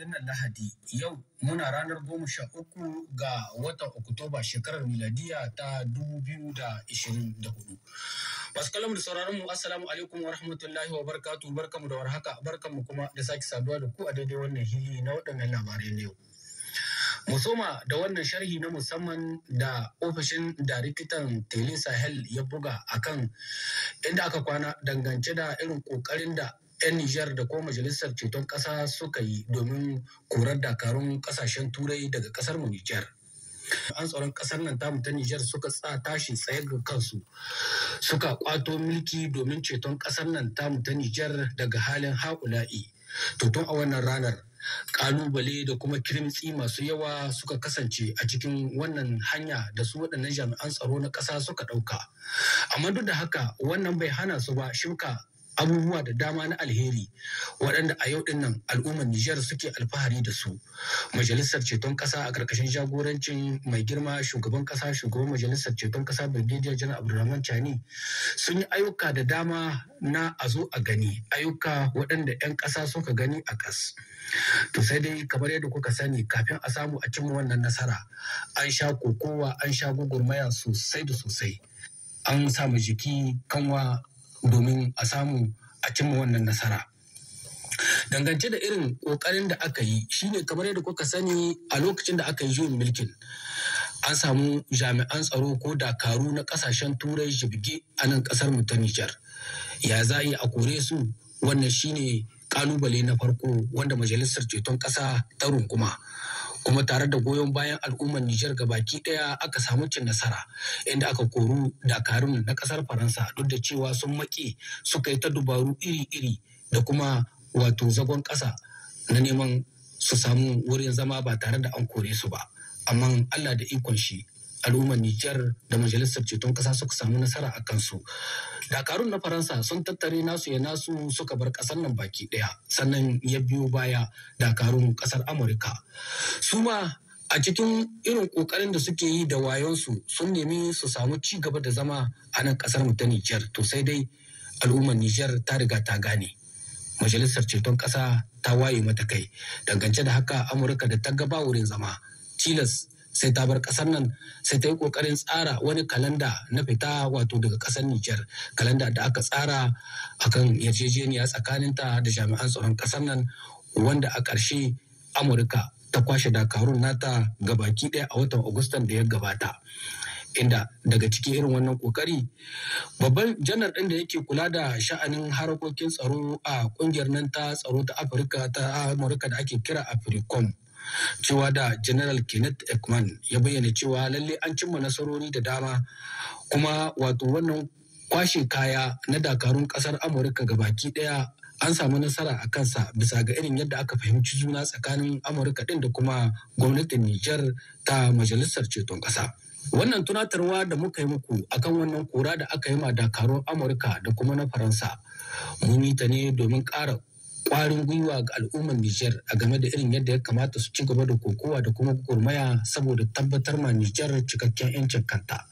dinnan lahadi yau muna ranar goma sha uku ga watan oktoba shekarar miladiya ta dubu biyu da ishirin da hudu masu kalamu da sauraron mu assalamu alaikum wa rahmatullahi wa barkatu barkamu da warhaka barkamu kuma da sake saduwa da ku a daidai wannan hili na waɗannan labarai na yau mu soma da wannan sharhi na musamman da ofishin darikitan telin sahel ya buga akan inda aka kwana dangance da irin kokarin da 'yan Nijar da kuma Majalisar Ceton Ƙasa suka yi domin korar dakarun ƙasashen Turai daga ƙasar mu Nijar. An tsaron ƙasar nan tamu ta Nijar suka tsa tashi tsaye ga kansu suka kwato mulki domin ceton ƙasar nan tamu ta Nijar daga halin haƙula'i. To a wannan ranar ƙalubale da kuma kirimtsi masu yawa suka kasance a cikin wannan hanya da su waɗannan jami'an tsaro na ƙasa suka ɗauka. Amma duk da haka wannan bai hana su ba shimka abubuwa da dama na alheri waɗanda a yau dinnan al'ummar Nijar suke alfahari da su. Majalisar Ceton Ƙasa a ƙarƙashin jagorancin mai girma shugaban ƙasa shugaban Majalisar Ceton Ƙasa Brigadier Janar Abdulrahman Chani sun yi ayyuka da dama na a zo a gani ayyuka waɗanda 'yan ƙasa suka gani a ƙas. To sai dai kamar yadda kuka sani kafin a samu a cimma wannan nasara an sha kokowa an sha gugurmaya sosai da sosai. An samu jiki kanwa domin a samu a cimma wannan nasara. Dangance da irin ƙoƙarin da aka yi shine kamar yadda kuka sani a lokacin da aka yi juyin mulkin an samu jami'an tsaro ko dakaru na ƙasashen turai jirgi a nan ƙasar mu ta Nijar. Ya za a yi a kore su wannan shine ƙalubale na farko wanda majalisar ceton ƙasa ta runguma. kuma tare da goyon bayan al'ummar Nijar baki daya aka samu cin nasara inda aka koru dakarun na kasar Faransa duk da cewa sun maƙe suka yi ta dubaru iri-iri da kuma wato zagon kasa na neman su samu wurin zama ba tare da an kore su ba amma Allah da ikon shi al'ummar Nijar da majalisar ceton kasa suka samu nasara a kansu dakarun na faransa sun tattare nasu ya nasu suka bar kasar nan baki daya sannan ya biyo baya dakarun kasar amurka su ma a cikin irin kokarin da suke yi da wayonsu sun nemi su samu ci gaba da zama a nan kasar mu ta nijar to sai dai al'ummar nijar ta riga ta gane majalisar ceton kasa ta waye mata kai dangance da haka amurka da ta gaba wurin zama tilas sai ta bar kasar nan sai ta yi kokarin tsara wani kalanda na fita wato daga kasar Nijar kalanda da aka tsara akan yarjejeniya tsakanin ta da jami'an tsaron kasar nan wanda a ƙarshe Amurka ta kwashe dakarun nata gabaki ɗaya a watan Agustan da ya gabata. inda daga ciki irin wannan kokari babban janar ɗin da yake kula da sha'anin harkokin tsaro a ƙungiyar nan ta tsaro ta afirka ta amurka da ake kira africom cewa da general kenneth ekman ya bayyana cewa lalle an cimma nasarori da dama kuma wato wannan kwashin kaya na dakarun kasar amurka ga baki daya an samu nasara a kansa bisa ga irin yadda aka fahimci juna tsakanin amurka din da kuma gwamnatin niger ta majalisar ceton kasa wannan tunatarwa da muka yi muku akan wannan kura da aka yi ma dakarun amurka da kuma na faransa mun yi ta ne domin kara. kwarin gwiwa ga al'ummar Nijar a game da irin yadda ya kamata su ci gaba da kokowa da kuma gurmaya saboda tabbatar ma Nijar cikakken 'yancin kanta.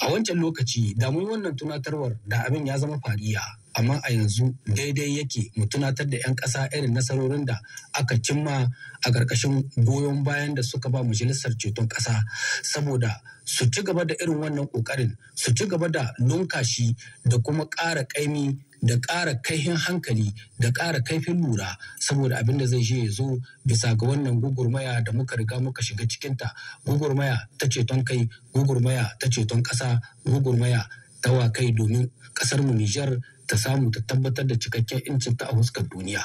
A wancan lokaci da wannan tunatarwar da abin ya zama fariya amma a yanzu daidai yake mu tunatar da 'yan ƙasa irin nasarorin da aka cimma a ƙarƙashin goyon bayan da suka ba majalisar ceton ƙasa saboda su ci gaba da irin wannan ƙoƙarin su ci gaba da lunkashi da kuma ƙara ƙaimi da ƙara kaifin hankali da ƙara kaifin lura saboda abin da zai je ya zo bisa ga wannan gugurmaya da muka riga muka shiga cikinta gugurmaya ta ceton kai gugurmaya ta ceton ƙasa gugurmaya ta wa kai domin ƙasarmu Nijar ta samu ta tabbatar da cikakken incin ta a fuskar duniya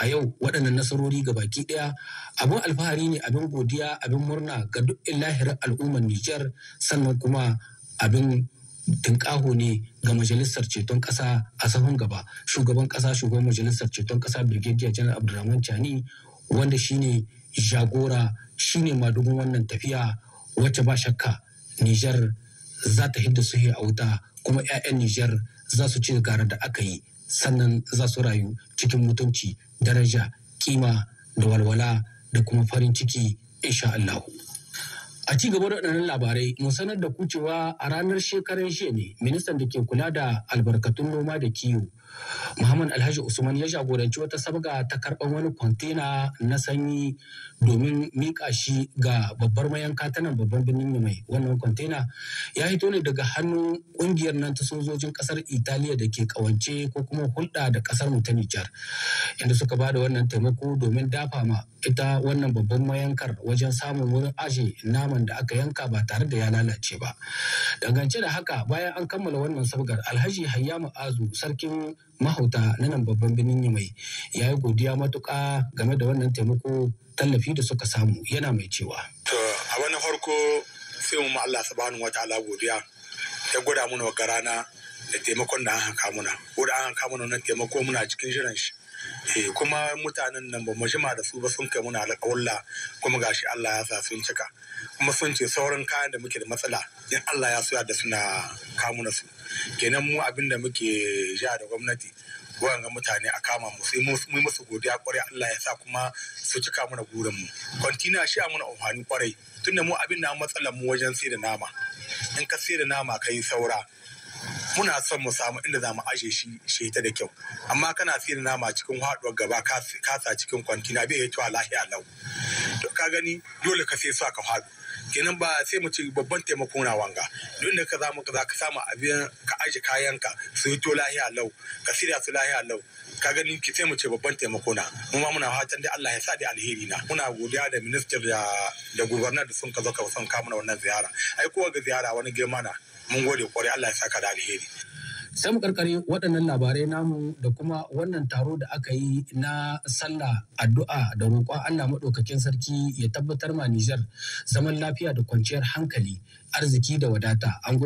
a yau waɗannan nasarori ga baki ɗaya abin alfahari ne abin godiya abin murna ga duk lahirin al'ummar Nijar sannan kuma abin tunƙaho ne ga majalisar ceton ƙasa a sahun gaba shugaban ƙasa shugaban majalisar ceton ƙasa birgediya janar abdulrahman chani wanda shine jagora shine madugun wannan tafiya wacce ba shakka nijar za ta hidda su a wuta kuma 'ya'yan nijar za su ci gara da aka yi sannan za su rayu cikin mutunci daraja kima da walwala da kuma farin ciki insha allahu. A ci gaba da waɗannan labarai, mun sanar da kucewa a ranar shekaran jiya ne ministan da ke kula da albarkatun noma da kiwo Muhammad Alhaji Usman ya jagoranci wata sabga ta karɓar wani kwantena na sanyi domin miƙa shi ga babbar mayanka ta nan babban birnin mai wannan kwantena ya hito ne daga hannun ƙungiyar nan ta sojojin ƙasar Italiya da ke ƙawance ko kuma hulɗa da ƙasar mu ta Nijar inda suka ba da wannan taimako domin dafa ma ita wannan babban mayankar wajen samun wurin aje naman da aka yanka ba tare da ya lalace ba. Dangance da haka bayan an kammala wannan sabgar Alhaji Hayyamu Azu sarkin mahauta na nan babban birnin Yamai ya yi godiya matuƙa game da wannan taimako tallafi da suka samu yana mai cewa. To a wani farko sai mu ma Allah subhanahu ta'ala godiya ya gwada mana wa rana da taimakon da an haka muna. Ko an haka muna wannan taimako muna cikin shirin shi. Eh, kuma mutanen nan ba mu jima da su ba sun kai muna alƙawalla kuma gashi Allah ya sa sun cika kuma sun ce sauran kayan da muke da matsala in Allah ya soya da suna kamuna su kenan mu abin da muke ja da gwamnati ga mutane a kama mu sai mu yi musu godiya kwarai Allah ya sa kuma su cika mana burin mu kontina shi a mana amfani kwarai tunda mu abin da matsalar mu wajen sai da nama in ka sai da nama kai saura muna son mu samu inda za mu aje shi shi ta da kyau amma kana tsira nama cikin haɗuwar gaba kasa cikin kwantina bai yi tuwa lahiya lau to ka gani dole ka sai sa ka haɗu kenan ba sai mu ci babban taimako na wanga duk da ka za mu ka samu abin ka aje ka su to lahiya lau ka shirya su lahiya lau ka gani ki sai mu ce babban taimako na mu ma muna fatan da Allah ya sa da alheri na muna godiya da minister da da governor da sun ka zo ka san ka mana wannan ziyara ai kowa ga ziyara wani girma na mun gode kwarai Allah ya saka da alheri sai mu karkare waɗannan labarai namu da kuma wannan taro da aka yi na sallah addu'a da roƙon Allah maɗaukakin sarki ya tabbatar ma Nijar zaman lafiya da kwanciyar hankali arziki da wadata an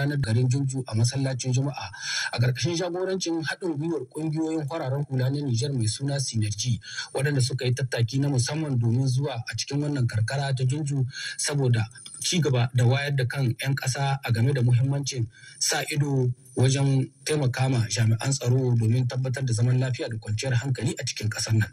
gudanar garin Junju a masallacin Juma'a a ƙarƙashin jagorancin haɗin gwiwar ƙungiyoyin kwararen hula na Nijar mai suna sinerji waɗanda suka yi tattaki na musamman domin zuwa a cikin wannan karkara ta Junju saboda ci gaba da wayar da kan 'yan ƙasa a game da muhimmancin sa ido wajen taimaka ma jami'an tsaro domin tabbatar da zaman lafiya da kwanciyar hankali a cikin ƙasar nan.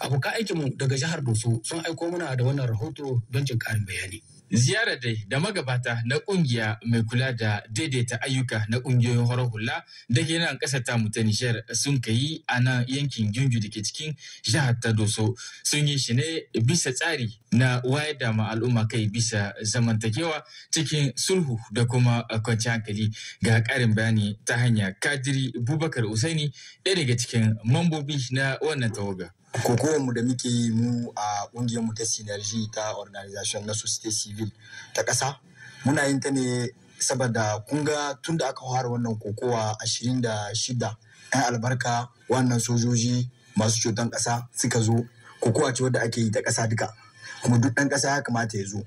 Abokan aikinmu daga jihar Doso sun aiko mana da wannan rahoto don jin ƙarin bayani. Ziyarar dai da magabata na kungiya mai kula da daidaita ayyuka na kungiyoyin horar hula da ke nan ƙasar ta mutan Nijar sun kayi a nan yankin Gyungyu da ke cikin jihar ta Doso sun yi shi ne bisa tsari na wayar da ma al'umma kai bisa zamantakewa cikin sulhu da kuma kwanci hankali ga karin bayani ta hanya Kadiri Bubakar Usaini ɗaya daga cikin mambobi na wannan tawaga. mu da muke yi mu a ƙungiyarmu ta synergy ta organization na society civil ta ƙasa muna yin ta ne saboda kunga tun da aka fara wannan kokowa ashirin da shida yan albarka wannan sojoji masu cutan ƙasa suka zo kokowa ce wadda ake yi ta ƙasa duka kuma duk ɗan ƙasa ya kamata ya zo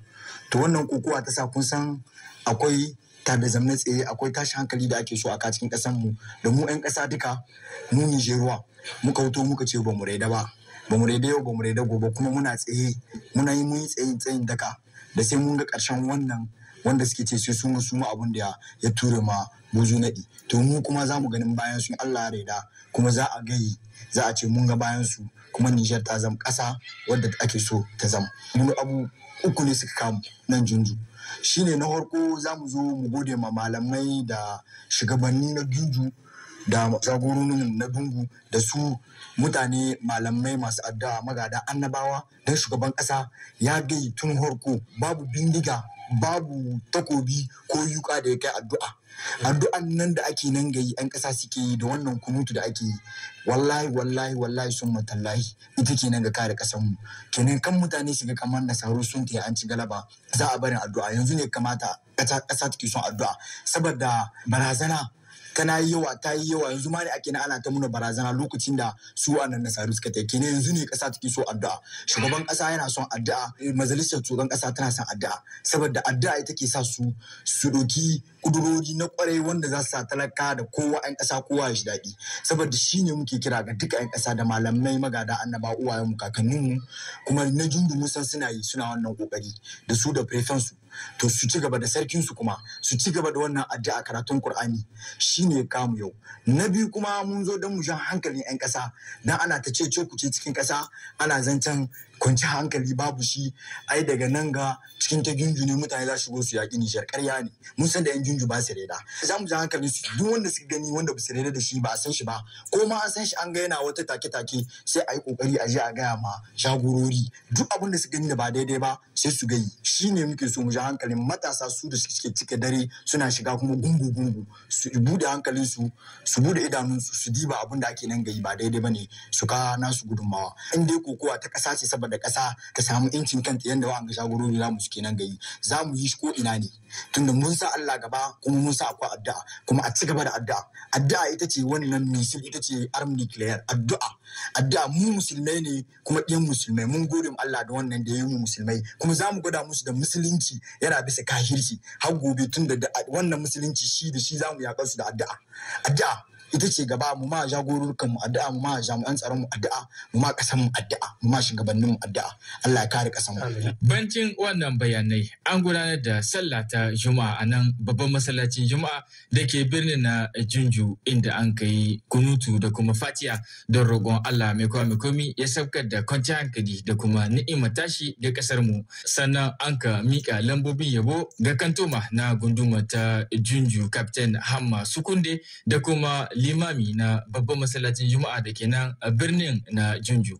to wannan kokowa ta sa kun san akwai da zamne tsaye akwai tashi hankali da ake so a cikin ƙasar mu da mu 'yan ƙasa duka mu Nijeruwa muka wuto muka ce ba mu raida ba ba mu raida yau ba mu raida gobe kuma muna tsaye muna yi mun tsayin tsayin daka da sai mun ga karshen wannan wanda suke ce sai su mu su mu abun da ya ture ma buzu naɗi to mu kuma za mu ganin bayan su Allah ya raida kuma za a gayi za a ce mun ga bayan su kuma Nijar ta zama ƙasa wadda ake so ta zama mun abu uku ne suka kamu nan junju shine na farko za mu zo mu gode ma malamai da shugabanni na junju da jagororin na dungu da su mutane malamai masu addu'a magada annabawa don shugaban ƙasa ya gai tun harko babu bindiga babu takobi ko yuka da ya kai addu'a addu'an nan da ake nan gayi yan ƙasa suke yi da wannan kunutu da ake yi wallahi wallahi wallahi sun matallahi ita ke nan ga kare mu kenan kan mutane su ga kamar nasaru sun ta an ci galaba za a barin addu'a yanzu ne kamata ƙasa take son addu'a saboda barazana tana yi yawa ta yi yawa yanzu ma ne ake na ana ta muna barazana lokacin da su a nan nasaru suka ta kenan yanzu ne kasa take so addu'a shugaban kasa yana son addu'a majalisar tsoron kasa tana son addu'a saboda addu'a ita ke sa su su ɗauki kudurori na kwarai wanda za su sa talaka da kowa 'yan ƙasa kowa ya shi daɗi saboda shi ne muke kira ga duka 'yan ƙasa da malamai magada annaba uwayen mu kakanninmu kuma na jundu musa suna yi suna wannan kokari da su da prefensu to su ci gaba da sarkin su kuma su ci gaba da wannan addu'a karatun Qur'ani shine kamu yau na biyu kuma mun zo don mu jan hankalin yan ƙasa dan ana ta ce ce cikin ƙasa ana zancen kwanci hankali babu shi ai daga nan ga cikin ta ginjune mutane za su shigo su yaƙi Nijar ƙarya ne mun san da Juju ba su reda za mu ji hankalin su duk wanda su gani wanda ba su reda da shi ba a san shi ba ko ma an san shi an ga yana wata take-take sai a yi kokari a je a gaya ma shagurori duk abin da su gani da ba daidai ba sai su gayi shi ne muke so mu ji hankalin matasa su da suke cike dare suna shiga kuma gungu-gungu su bude hankalin su su bude idanun su diba abin da ake nan gayi ba daidai ba ne su ka nasu gudunmawa in dai kokowa ta ƙasa ce saboda ƙasa ka samu incin kanta yadda ga shagurori za mu suke nan gayi za mu yi shi ko ina ne tunda mun sa Allah gaba kuma mun sa akwai addu'a kuma a ci gaba da addu'a addu'a ita ce wannan misil ita ce arm nuclear addu'a addu'a mu musulmai ne kuma ɗiyan musulmai mun gode mu Allah da wannan da ya mu musulmai kuma za mu gwada musu da musulunci yana bisa kahirci har gobe tun da wannan musulunci shi da shi za mu yaƙar su da addu'a addu'a ita ce gaba mu ma jagororukan mu addu'a mu ma jami'an tsaron mu addu'a mu ma kasan mu addu'a mu ma shugabannin mu addu'a Allah ya kare kasan mu bancin wannan bayanai an gudanar da sallah ta juma'a a nan babban masallacin juma'a da ke birnin na Junju inda an kai kunutu da kuma fatiya don roƙon Allah mai kowa mai komi ya saukar da kwanciyar hankali da kuma ni'imar tashi ga kasar mu sannan an ka mika lambobin yabo ga kantoma na gunduma ta Jinju Captain Hamma Sukunde da kuma limami na babban masallacin juma'a da ke nan a birnin na junju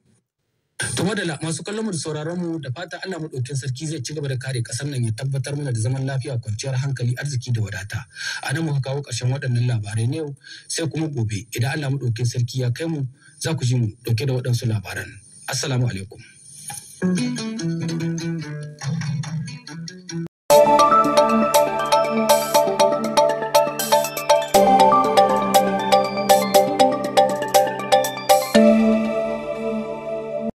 to madalla masu kallon mu da sauraron mu da fata Allah mu madaukin sarki zai ci gaba da kare kasar nan ya tabbatar mana da zaman lafiya kwanciyar hankali arziki da wadata a nan muka kawo ƙarshen waɗannan labarai ne sai kuma gobe idan Allah mu madaukin sarki ya kai mu za ku ji mu dauke da waɗansu labaran assalamu alaikum